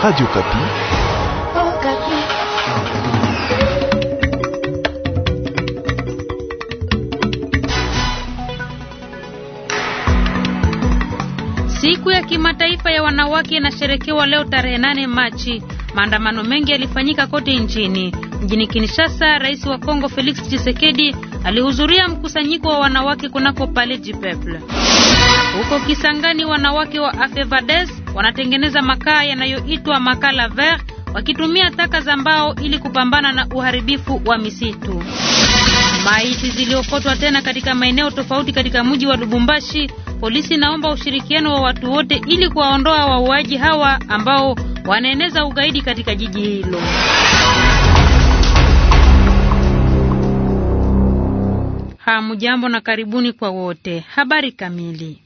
Radio Kapi. Oh, Kapi. Siku ya kimataifa ya wanawake inasherekewa leo tarehe 8 Machi. Maandamano mengi yalifanyika kote nchini. Mjini Kinshasa, Rais wa Kongo Felix Tshisekedi alihudhuria mkusanyiko wa wanawake kunako Palais du Peuple. Huko Kisangani, wanawake wa Afevades wanatengeneza makaa yanayoitwa makala vert wakitumia taka za mbao ili kupambana na uharibifu wa misitu. Maiti ziliokotwa tena katika maeneo tofauti katika mji wa Lubumbashi. Polisi inaomba ushirikiano wa watu wote ili kuwaondoa wauaji hawa ambao wanaeneza ugaidi katika jiji hilo. Hamujambo na karibuni kwa wote. Habari kamili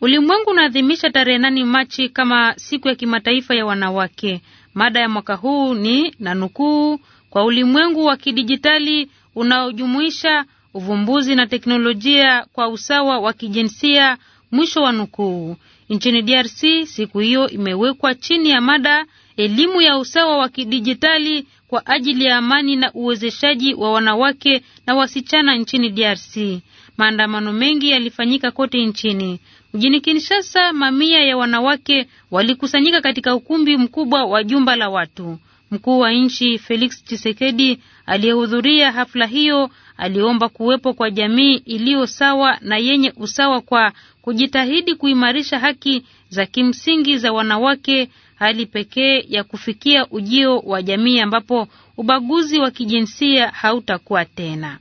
Ulimwengu unaadhimisha tarehe nane Machi kama siku ya kimataifa ya wanawake. Mada ya mwaka huu ni na nukuu, kwa ulimwengu wa kidijitali unaojumuisha uvumbuzi na teknolojia kwa usawa wa kijinsia, mwisho wa nukuu. Nchini DRC siku hiyo imewekwa chini ya mada elimu ya usawa wa kidijitali kwa ajili ya amani na uwezeshaji wa wanawake na wasichana nchini DRC. Maandamano mengi yalifanyika kote nchini. Mjini Kinshasa, mamia ya wanawake walikusanyika katika ukumbi mkubwa wa jumba la watu. Mkuu wa nchi Felix Tshisekedi aliyehudhuria hafla hiyo aliomba kuwepo kwa jamii iliyo sawa na yenye usawa kwa kujitahidi kuimarisha haki za kimsingi za wanawake, hali pekee ya kufikia ujio wa jamii ambapo ubaguzi wa kijinsia hautakuwa tena.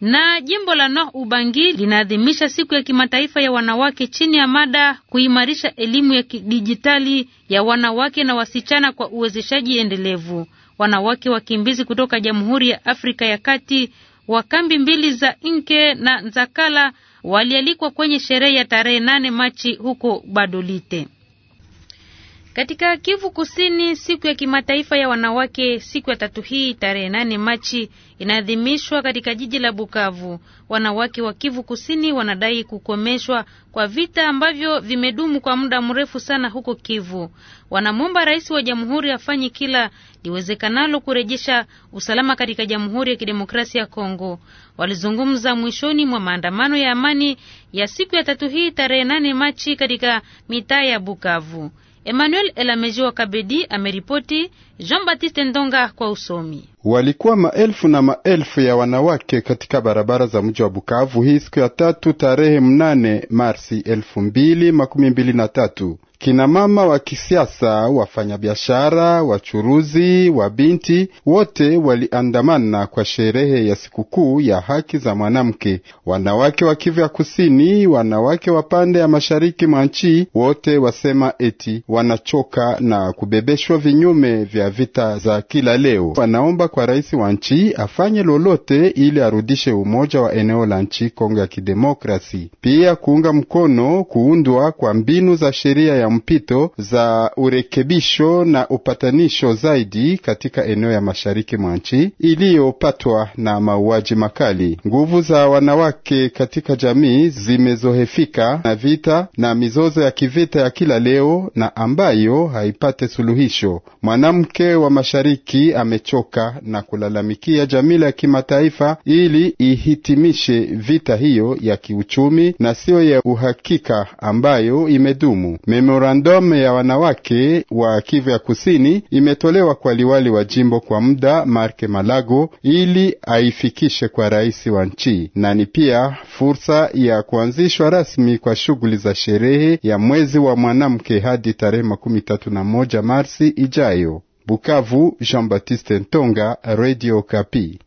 Na jimbo la Nord Ubangi linaadhimisha siku ya kimataifa ya wanawake chini ya mada kuimarisha elimu ya kidijitali ya wanawake na wasichana kwa uwezeshaji endelevu. Wanawake wakimbizi kutoka Jamhuri ya Afrika ya Kati wa kambi mbili za Inke na Nzakala walialikwa kwenye sherehe ya tarehe nane Machi huko Badolite. Katika Kivu Kusini, siku ya kimataifa ya wanawake, siku ya tatu hii tarehe nane Machi, inaadhimishwa katika jiji la Bukavu. Wanawake wa Kivu Kusini wanadai kukomeshwa kwa vita ambavyo vimedumu kwa muda mrefu sana huko Kivu. Wanamwomba rais wa jamhuri afanye kila liwezekanalo kurejesha usalama katika Jamhuri ya Kidemokrasia ya Kongo. Walizungumza mwishoni mwa maandamano ya amani ya siku ya tatu hii tarehe nane Machi katika mitaa ya Bukavu. Emmanuel Elamejo wa Kabedi ameripoti. Jean Baptiste Ndonga kwa usomi. Walikuwa maelfu na maelfu ya wanawake katika barabara za mji wa Bukavu hii siku ya tatu tarehe mnane Marsi elfu mbili makumi mbili na tatu kina mama wa kisiasa, wafanyabiashara, wachuruzi, wabinti wote waliandamana kwa sherehe ya sikukuu ya haki za mwanamke. Wanawake wa Kivu ya Kusini, wanawake wa pande ya mashariki mwa nchi, wote wasema eti wanachoka na kubebeshwa vinyume vya vita za kila leo. Wanaomba kwa rais wa nchi afanye lolote ili arudishe umoja wa eneo la nchi Kongo ya Kidemokrasi, pia kuunga mkono kuundwa kwa mbinu za sheria ya mpito za urekebisho na upatanisho zaidi katika eneo ya mashariki mwa nchi iliyopatwa na mauaji makali. Nguvu za wanawake katika jamii zimezohefika na vita na mizozo ya kivita ya kila leo na ambayo haipate suluhisho. Mwanamke wa mashariki amechoka na kulalamikia jamii ya kimataifa ili ihitimishe vita hiyo ya kiuchumi na siyo ya uhakika ambayo imedumu Memo Memorandum ya wanawake wa Kivu ya Kusini imetolewa kwa liwali wa jimbo kwa muda Marke Malago ili aifikishe kwa rais wa nchi, na ni pia fursa ya kuanzishwa rasmi kwa shughuli za sherehe ya mwezi wa mwanamke hadi tarehe makumi tatu na moja Marsi ijayo. Bukavu, Jean-Baptiste Ntonga, Radio Kapi.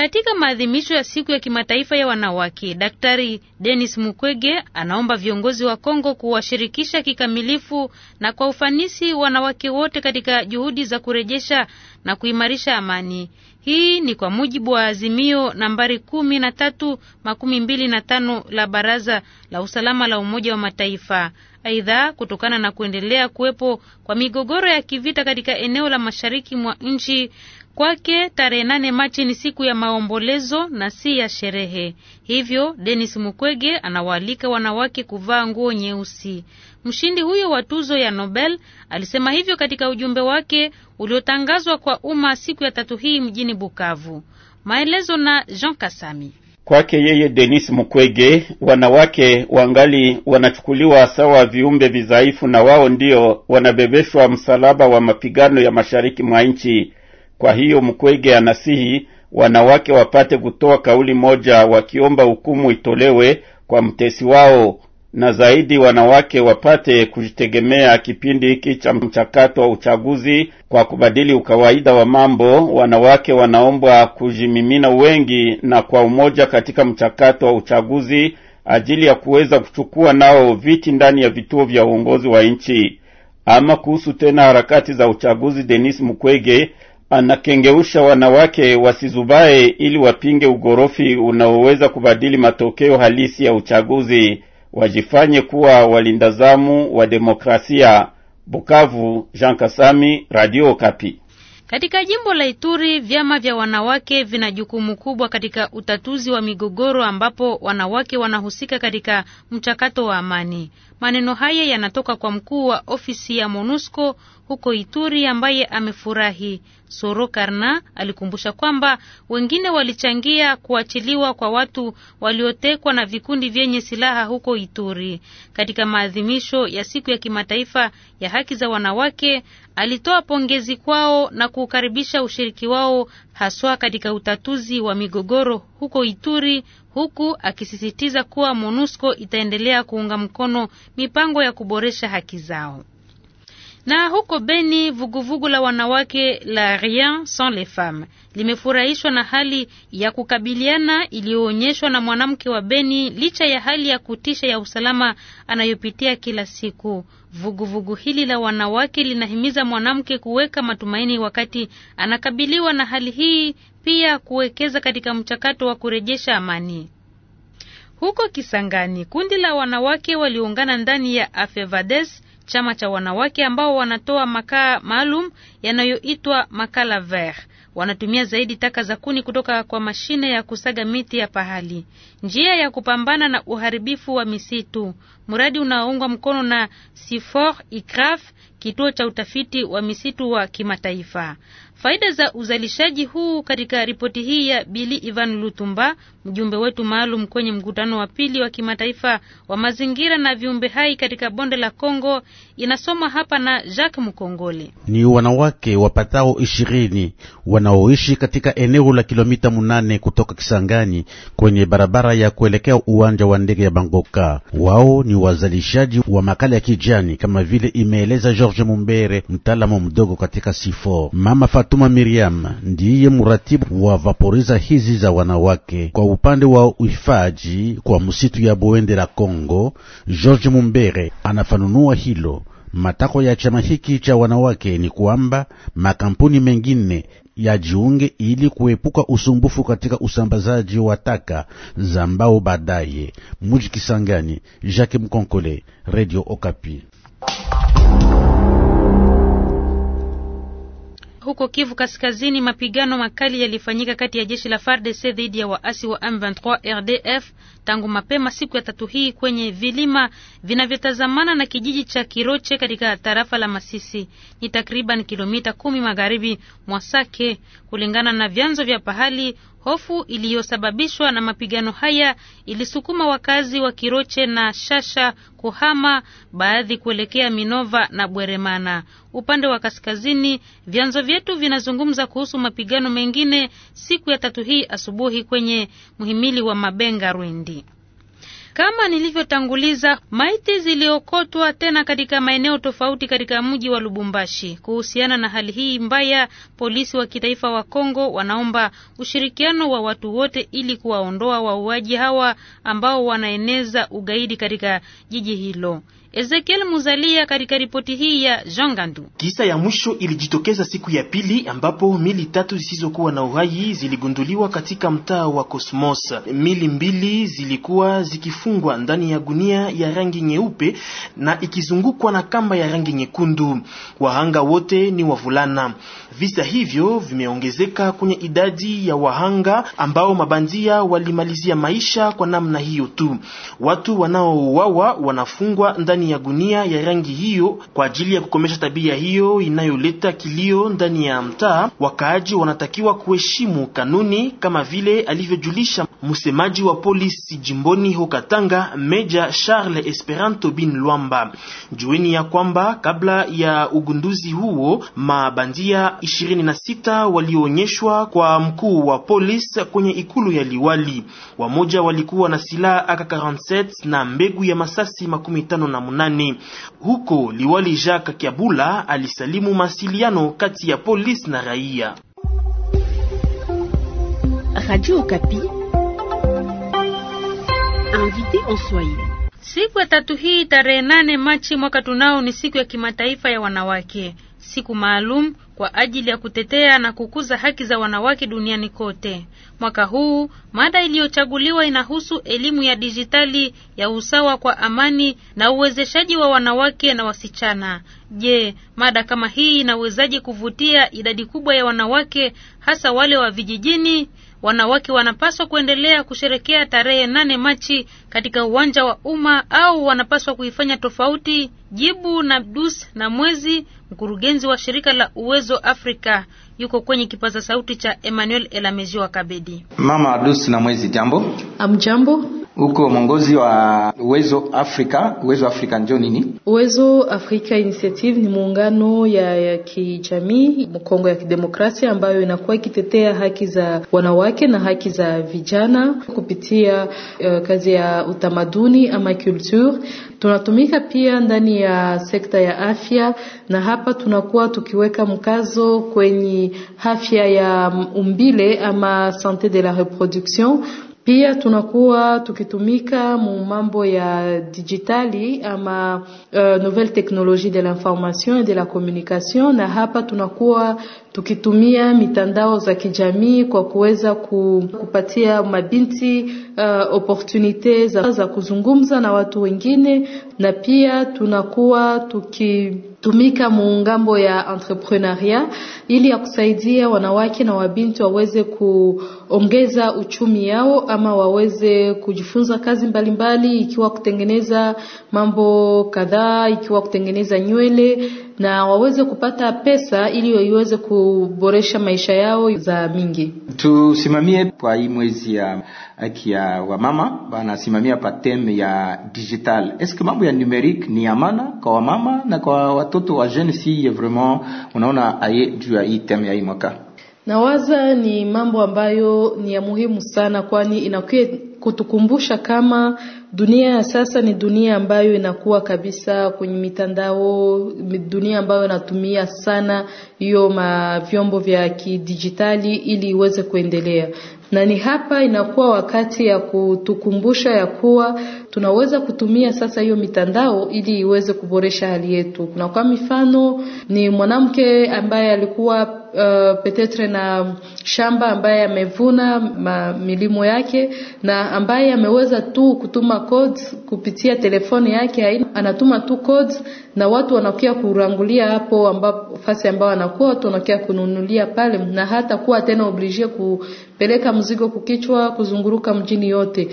Katika maadhimisho ya siku ya kimataifa ya wanawake, Daktari Denis Mukwege anaomba viongozi wa Kongo kuwashirikisha kikamilifu na kwa ufanisi wanawake wote katika juhudi za kurejesha na kuimarisha amani. Hii ni kwa mujibu wa azimio nambari kumi na tatu makumi mbili na tano la Baraza la Usalama la Umoja wa Mataifa. Aidha, kutokana na kuendelea kuwepo kwa migogoro ya kivita katika eneo la mashariki mwa nchi, kwake tarehe nane Machi ni siku ya maombolezo na si ya sherehe. Hivyo Denis Mukwege anawaalika wanawake kuvaa nguo nyeusi. Mshindi huyo wa tuzo ya Nobel alisema hivyo katika ujumbe wake uliotangazwa kwa umma siku ya tatu hii mjini Bukavu. Maelezo na Jean Kasami. Kwake yeye Denis Mukwege, wanawake wangali wanachukuliwa sawa viumbe vizaifu, na wao ndio wanabebeshwa msalaba wa mapigano ya mashariki mwa nchi. Kwa hiyo Mukwege anasihi wanawake wapate kutoa kauli moja, wakiomba hukumu itolewe kwa mtesi wao na zaidi wanawake wapate kujitegemea kipindi hiki cha mchakato wa uchaguzi. Kwa kubadili ukawaida wa mambo, wanawake wanaombwa kujimimina wengi na kwa umoja katika mchakato wa uchaguzi ajili ya kuweza kuchukua nao viti ndani ya vituo vya uongozi wa nchi. Ama kuhusu tena harakati za uchaguzi, Denis Mukwege anakengeusha wanawake wasizubae ili wapinge ugorofi unaoweza kubadili matokeo halisi ya uchaguzi wajifanye kuwa walinda zamu wa demokrasia. Bukavu, Jean Kasami, Radio Kapi. Katika jimbo la Ituri vyama vya wanawake vina jukumu kubwa katika utatuzi wa migogoro ambapo wanawake wanahusika katika mchakato wa amani. Maneno haya yanatoka kwa mkuu wa ofisi ya MONUSCO huko Ituri ambaye amefurahi. Soro Karna alikumbusha kwamba wengine walichangia kuachiliwa kwa watu waliotekwa na vikundi vyenye silaha huko Ituri. Katika maadhimisho ya siku ya kimataifa ya haki za wanawake, alitoa pongezi kwao na kukaribisha ushiriki wao haswa katika utatuzi wa migogoro huko Ituri, huku akisisitiza kuwa MONUSCO itaendelea kuunga mkono mipango ya kuboresha haki zao. Na huko Beni, vuguvugu la wanawake la Rien Sans Les Femmes limefurahishwa na hali ya kukabiliana iliyoonyeshwa na mwanamke wa Beni licha ya hali ya kutisha ya usalama anayopitia kila siku. Vuguvugu vugu hili la wanawake linahimiza mwanamke kuweka matumaini wakati anakabiliwa na hali hii, pia kuwekeza katika mchakato wa kurejesha amani. Huko Kisangani, kundi la wanawake waliungana ndani ya Afevades chama cha wanawake ambao wanatoa makaa maalum yanayoitwa makala ver. Wanatumia zaidi taka za kuni kutoka kwa mashine ya kusaga miti ya pahali, njia ya kupambana na uharibifu wa misitu. Mradi unaoungwa mkono na Sifor Ikraf, kituo cha utafiti wa misitu wa kimataifa. Faida za uzalishaji huu katika ripoti hii ya Bili Ivan Lutumba, mjumbe wetu maalum kwenye mkutano wa pili wa kimataifa wa mazingira na viumbe hai katika bonde la Kongo, inasoma hapa na Jacques Mkongole. Ni wanawake wapatao ishirini wanaoishi katika eneo la kilomita munane kutoka Kisangani kwenye barabara ya kuelekea uwanja wa ndege ya Bangoka. Wao ni wazalishaji wa makala ya kijani kama vile imeeleza George Mumbere, mtaalamu mdogo katika sifo. Mama Fatuma Miriam ndiye muratibu wa vaporiza hizi za wanawake kwa upande wa uhifadhi kwa msitu ya Bwende la Kongo. George Mumbere anafanunua hilo. Matako ya chama hiki cha wanawake ni kwamba makampuni mengine yajiunge ili kuepuka usumbufu katika usambazaji wa taka za mbao baadaye. Muji Kisangani, Jacques Mkonkole, Radio Okapi. huko Kivu Kaskazini, mapigano makali yalifanyika kati ya jeshi la FARDC dhidi ya waasi wa M23 RDF tangu mapema siku ya tatu hii kwenye vilima vinavyotazamana na kijiji cha Kiroche katika tarafa la Masisi. Ni takriban kilomita kumi magharibi mwa Sake, kulingana na vyanzo vya pahali. Hofu iliyosababishwa na mapigano haya ilisukuma wakazi wa Kiroche na Shasha kuhama, baadhi kuelekea Minova na Bweremana. Upande wa kaskazini, vyanzo vyetu vinazungumza kuhusu mapigano mengine siku ya tatu hii asubuhi kwenye mhimili wa Mabenga Rwindi. Kama nilivyotanguliza, maiti ziliokotwa tena katika maeneo tofauti katika mji wa Lubumbashi. Kuhusiana na hali hii mbaya, polisi wa kitaifa wa Kongo wanaomba ushirikiano wa watu wote ili kuwaondoa wauaji hawa ambao wanaeneza ugaidi katika jiji hilo. Ezekiel Muzalia katika ripoti hii ya Jean Gandu. Kisa ya mwisho ilijitokeza siku ya pili ambapo mili tatu zisizokuwa na uhai ziligunduliwa katika mtaa wa Cosmos. Mili mbili zilikuwa zikifungwa ndani ya gunia ya rangi nyeupe na ikizungukwa na kamba ya rangi nyekundu. Wahanga wote ni wavulana. Visa hivyo vimeongezeka kwenye idadi ya wahanga ambao mabandia walimalizia maisha kwa namna hiyo tu. Watu wanaouawa wanafungwa ndani ndani ya gunia ya rangi hiyo kwa ajili ya kukomesha tabia hiyo inayoleta kilio ndani ya mtaa. Wakaaji wanatakiwa kuheshimu kanuni kama vile alivyojulisha msemaji wa polisi jimboni Hokatanga, Meja Charles Esperanto Bin Lwamba. Jueni ya kwamba kabla ya ugunduzi huo mabandia 26 walionyeshwa kwa mkuu wa polisi kwenye ikulu ya liwali. Wamoja walikuwa na silaha AK47 na mbegu ya masasi makumi tano na munane. Huko Liwali Jacques Kiabula alisalimu masiliano kati ya polisi na raia. Radio invité en Siku ya tatu hii tarehe nane Machi mwaka tunao ni siku ya kimataifa ya wanawake, siku maalum kwa ajili ya kutetea na kukuza haki za wanawake duniani kote. Mwaka huu mada iliyochaguliwa inahusu elimu ya dijitali ya usawa kwa amani na uwezeshaji wa wanawake na wasichana. Je, mada kama hii inawezaje kuvutia idadi kubwa ya wanawake hasa wale wa vijijini? wanawake wanapaswa kuendelea kusherekea tarehe nane Machi katika uwanja wa umma au wanapaswa kuifanya tofauti? Jibu na Dus na Mwezi, mkurugenzi wa shirika la Uwezo Afrika, yuko kwenye kipaza sauti cha Emmanuel Elamezi wa Kabedi. Mama Dus na Mwezi, jambo. Amjambo uko mwongozi wa Uwezo Afrika. Uwezo Afrika ndio nini? Uwezo Afrika Initiative ni muungano ya, ya kijamii Kongo ya Kidemokrasia ambayo inakuwa ikitetea haki za wanawake na haki za vijana kupitia uh, kazi ya utamaduni ama culture. Tunatumika pia ndani ya sekta ya afya, na hapa tunakuwa tukiweka mkazo kwenye afya ya umbile ama sante de la reproduction pia tunakuwa tukitumika mu mambo ya dijitali ama uh, nouvelle technologie de l'information et de la communication, na hapa tunakuwa tukitumia mitandao za kijamii kwa kuweza kupatia mabinti uh, opportunite za, za kuzungumza na watu wengine, na pia tunakuwa tuki tumika muungambo ya entrepreneuria ili ya kusaidia wanawake na wabinti waweze kuongeza uchumi yao ama waweze kujifunza kazi mbalimbali mbali, ikiwa kutengeneza mambo kadhaa ikiwa kutengeneza nywele na waweze kupata pesa ili iweze kuboresha maisha yao za mingi. Tusimamie kwa hii mwezi ya haki ya wamama wanasimamia pa teme ya digital. Eske mambo ya numerique ni amana kwa wamama na kwa watoto wa jeune fille vraiment unaona aye juu ya hii teme ya hii mwaka nawaza ni mambo ambayo ni ya muhimu sana, kwani inakuwa kutukumbusha kama dunia ya sasa ni dunia ambayo inakuwa kabisa kwenye mitandao, dunia ambayo inatumia sana hiyo mavyombo vyombo vya kidijitali ili iweze kuendelea na ni hapa inakuwa wakati ya kutukumbusha ya kuwa tunaweza kutumia sasa hiyo mitandao ili iweze kuboresha hali yetu. Kuna kwa mifano ni mwanamke ambaye alikuwa uh, Petetre na shamba ambaye amevuna milimo yake na ambaye ameweza tu kutuma codes kupitia telefoni yake, anatuma tu codes na watu wanakia kurangulia hapo ambapo fasi ambao anakuwa watu wanakia kununulia pale, na hata kuwa tena oblige kupeleka mzigo kukichwa kuzunguruka mjini yote.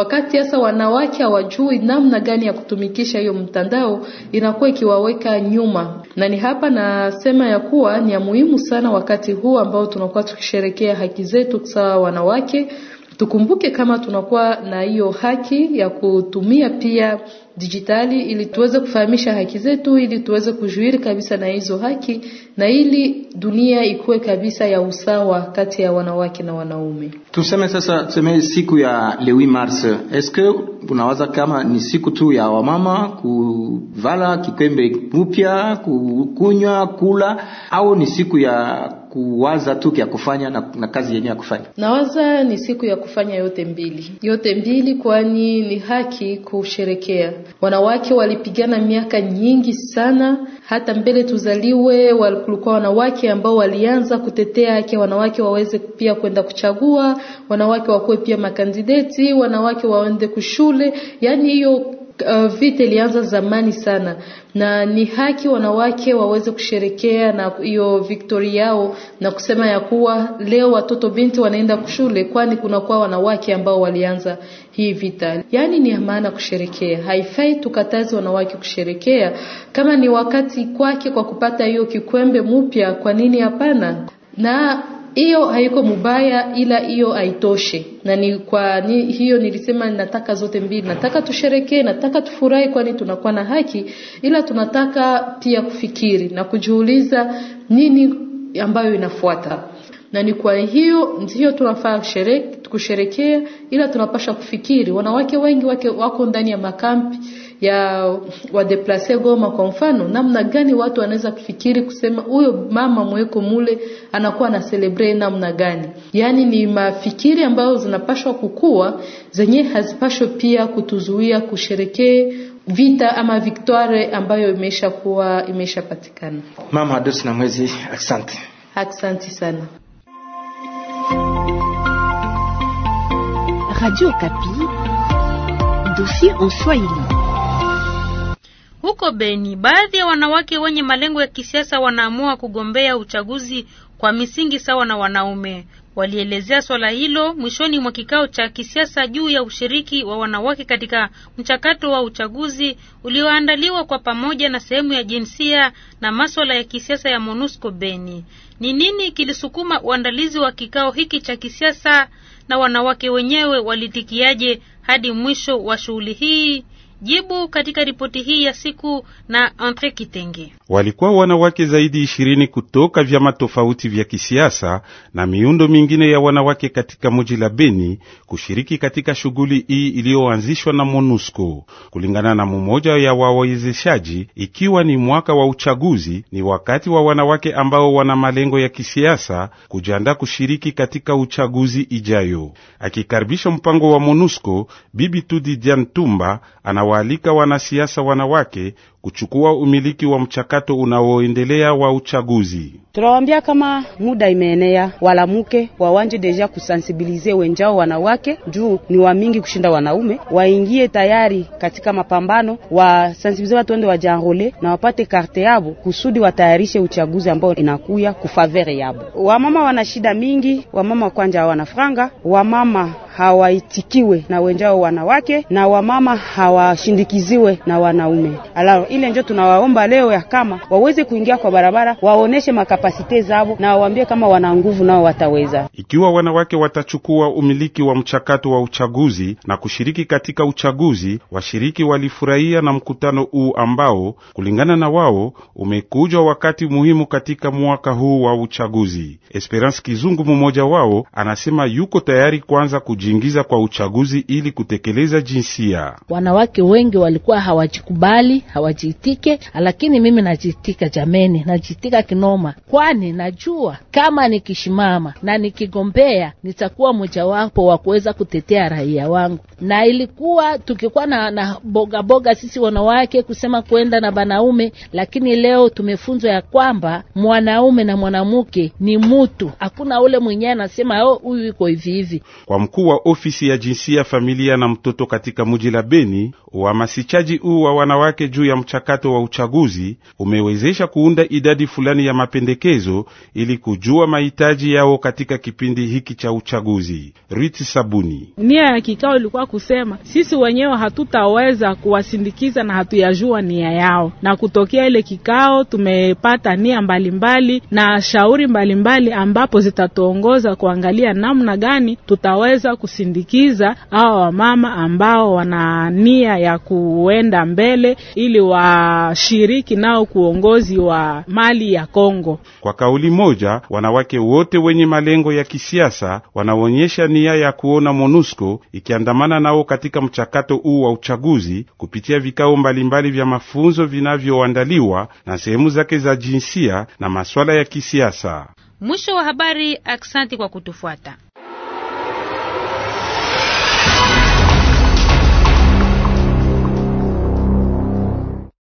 Wakati sasa wanawake hawajui namna gani ya kutumikisha hiyo mtandao, inakuwa ikiwaweka nyuma, na ni hapa nasema ya kuwa ni ya muhimu sana wakati huu ambao tunakuwa tukisherekea haki zetu sawa wanawake, tukumbuke kama tunakuwa na hiyo haki ya kutumia pia dijitali ili tuweze kufahamisha haki zetu ili tuweze kujuiri kabisa na hizo haki na ili dunia ikuwe kabisa ya usawa kati ya wanawake na wanaume. Tuseme sasa, tuseme siku ya le 8 mars, eske unawaza kama ni siku tu ya wamama kuvala kikwembe upya, kukunywa, kula au ni siku ya kuwaza tu ya kufanya na, na kazi yenyewe ya kufanya? Nawaza ni siku ya kufanya yote mbili, yote mbili, kwani ni haki kusherekea. Wanawake walipigana miaka nyingi sana, hata mbele tuzaliwe walikuwa wanawake ambao walianza kutetea haki wanawake waweze pia kwenda kuchagua, wanawake wakuwe pia makandideti, wanawake waende kushule, yani hiyo uh, vita ilianza zamani sana na ni haki wanawake waweze kusherekea na hiyo victory yao na kusema ya kuwa leo watoto binti wanaenda kushule, kwani kunakuwa wanawake ambao walianza hii vita. Yaani ni maana kusherekea, haifai tukatazi wanawake kusherekea. Kama ni wakati kwake kwa kupata hiyo kikwembe mpya, kwa nini hapana? na hiyo haiko mubaya, ila hiyo haitoshe, na ni kwa ni, hiyo nilisema nataka zote mbili, nataka tusherekee, nataka tufurahi, kwani tunakuwa na haki, ila tunataka pia kufikiri na kujiuliza nini ambayo inafuata na ni kwa hiyo ndio tunafaa kusherekea, ila tunapasha kufikiri. Wanawake wengi wake wako ndani ya makampi ya wadeplase Goma kwa mfano, namna gani watu wanaweza kufikiri kusema huyo mama mweko mule anakuwa na celebrate namna gani? Yaani ni mafikiri ambayo zinapashwa kukua, zenye hazipashwe pia kutuzuia kusherekee vita ama victoire ambayo imeisha kuwa imeshapatikana. Mama Adosi na Mwezi, asante. Asante sana. Radio Kapi, dossier en Swahili. Huko Beni, baadhi ya wanawake wenye malengo ya kisiasa wanaamua kugombea uchaguzi kwa misingi sawa na wanaume. Walielezea swala hilo mwishoni mwa kikao cha kisiasa juu ya ushiriki wa wanawake katika mchakato wa uchaguzi ulioandaliwa kwa pamoja na sehemu ya jinsia na maswala ya kisiasa ya MONUSCO Beni. Ni nini kilisukuma uandalizi wa kikao hiki cha kisiasa na wanawake wenyewe walitikiaje hadi mwisho wa shughuli hii? Jibu katika ripoti hii ya siku na Andre Kitenge. Walikuwa wanawake zaidi ishirini kutoka vyama tofauti vya kisiasa na miundo mingine ya wanawake katika mji la Beni kushiriki katika shughuli hii iliyoanzishwa na MONUSCO. Kulingana na mmoja ya wawezeshaji, ikiwa ni mwaka wa uchaguzi, ni wakati wa wanawake ambao wana malengo ya kisiasa kujiandaa kushiriki katika uchaguzi ijayo. Akikaribisha mpango wa MONUSCO, Bibi Tudi Jan Tumba ana Akawaalika wanasiasa wanawake kuchukua umiliki wa mchakato unaoendelea wa uchaguzi. Tunawaambia kama muda imeenea, walamuke wawanje deja kusansibilize wenjao wanawake juu ni wamingi kushinda wanaume, waingie tayari katika mapambano, wasansibilize watu wende wajanrole na wapate karte yabo kusudi watayarishe uchaguzi ambao inakuya kufavere yabo. Wamama wana shida mingi, wamama kwanja hawana franga, wamama hawaitikiwe na wenjao wanawake, na wamama hawashindikiziwe na wanaume. Alors, ile njo tunawaomba leo ya kama waweze kuingia kwa barabara, waoneshe makapasite zao na waambie kama wana nguvu nao wataweza. Ikiwa wanawake watachukua umiliki wa mchakato wa uchaguzi na kushiriki katika uchaguzi, washiriki walifurahia na mkutano huu ambao kulingana na wao umekuja wakati muhimu katika mwaka huu wa uchaguzi. Esperance Kizungu, mmoja wao, anasema yuko tayari kuanza kujiingiza kwa uchaguzi ili kutekeleza jinsia. Wanawake wengi walikuwa hawajikubali hawaji najitike, lakini mimi najitika jameni, najitika kinoma, kwani najua kama nikishimama na nikigombea nitakuwa mojawapo wa kuweza kutetea raia wangu. Na ilikuwa tukikuwa na, na boga boga sisi wanawake kusema kwenda na banaume, lakini leo tumefunzwa ya kwamba mwanaume na mwanamke ni mutu, hakuna ule mwenyewe anasema oh, huyu iko hivi hivi. Kwa mkuu wa ofisi ya jinsia, familia na mtoto katika muji la Beni, uhamasishaji huu wa wanawake juu ya mchakato wa uchaguzi umewezesha kuunda idadi fulani ya mapendekezo ili kujua mahitaji yao katika kipindi hiki cha uchaguzi. Rit Sabuni: nia ya kikao ilikuwa kusema sisi wenyewe hatutaweza kuwasindikiza na hatuyajua nia yao, na kutokea ile kikao tumepata nia mbalimbali na shauri mbalimbali mbali ambapo zitatuongoza kuangalia namna gani tutaweza kusindikiza hawa wamama ambao wana nia ya kuenda mbele ili wa washiriki nao kuongozi wa mali ya Kongo. Kwa kauli moja, wanawake wote wenye malengo ya kisiasa wanaonyesha nia ya kuona MONUSCO ikiandamana nao katika mchakato huu wa uchaguzi kupitia vikao mbalimbali vya mafunzo vinavyoandaliwa na sehemu zake za jinsia na masuala ya kisiasa. Mwisho wa habari. Aksanti kwa kutufuata.